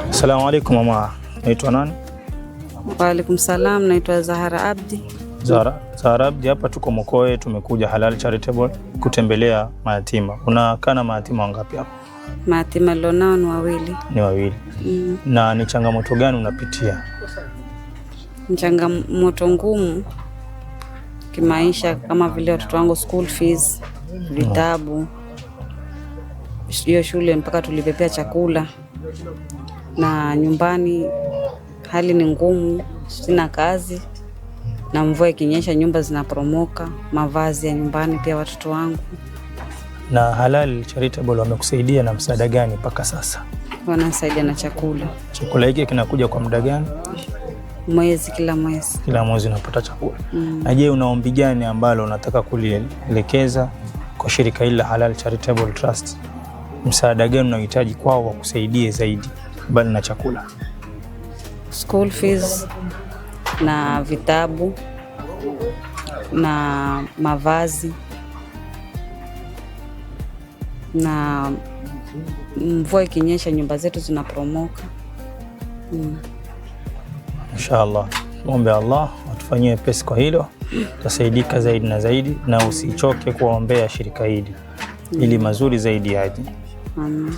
Asalamu alaykum mama, naitwa nani? Wa alaykum salam, naitwa Zahara Abdi. Zahara, Zahara Abdi, hapa tuko Mokoe, tumekuja Halal Charitable kutembelea mayatima. Unakaa na mayatima wangapi hapa? Mayatima lilonao ni wawili. Ni wawili. Mm. Na ni changamoto gani unapitia? Changamoto ngumu kimaisha, kama vile watoto wangu school fees, vitabu hiyo shule mpaka tulipepea chakula na nyumbani hali ni ngumu, sina kazi na mvua ikinyesha nyumba zinaporomoka, mavazi ya nyumbani pia watoto wangu. Na Halal Charitable wamekusaidia na msaada gani mpaka sasa? Wanasaidia na chakula. Chakula hiki kinakuja kwa muda gani? Mwezi, kila mwezi. Kila mwezi unapata chakula mm. Na je, una ombi gani ambalo unataka kulielekeza kwa shirika hili la Halal Charitable Trust? Msaada gani unahitaji kwao wakusaidie zaidi? bali na chakula? School fees na vitabu na mavazi na mvua ikinyesha nyumba zetu zinapromoka. Mm. Inshallah, muombe Allah watufanyie pesi kwa hilo, tasaidika zaidi na zaidi, na usichoke kuwaombea shirika hili ili mazuri zaidi yaje. Amen.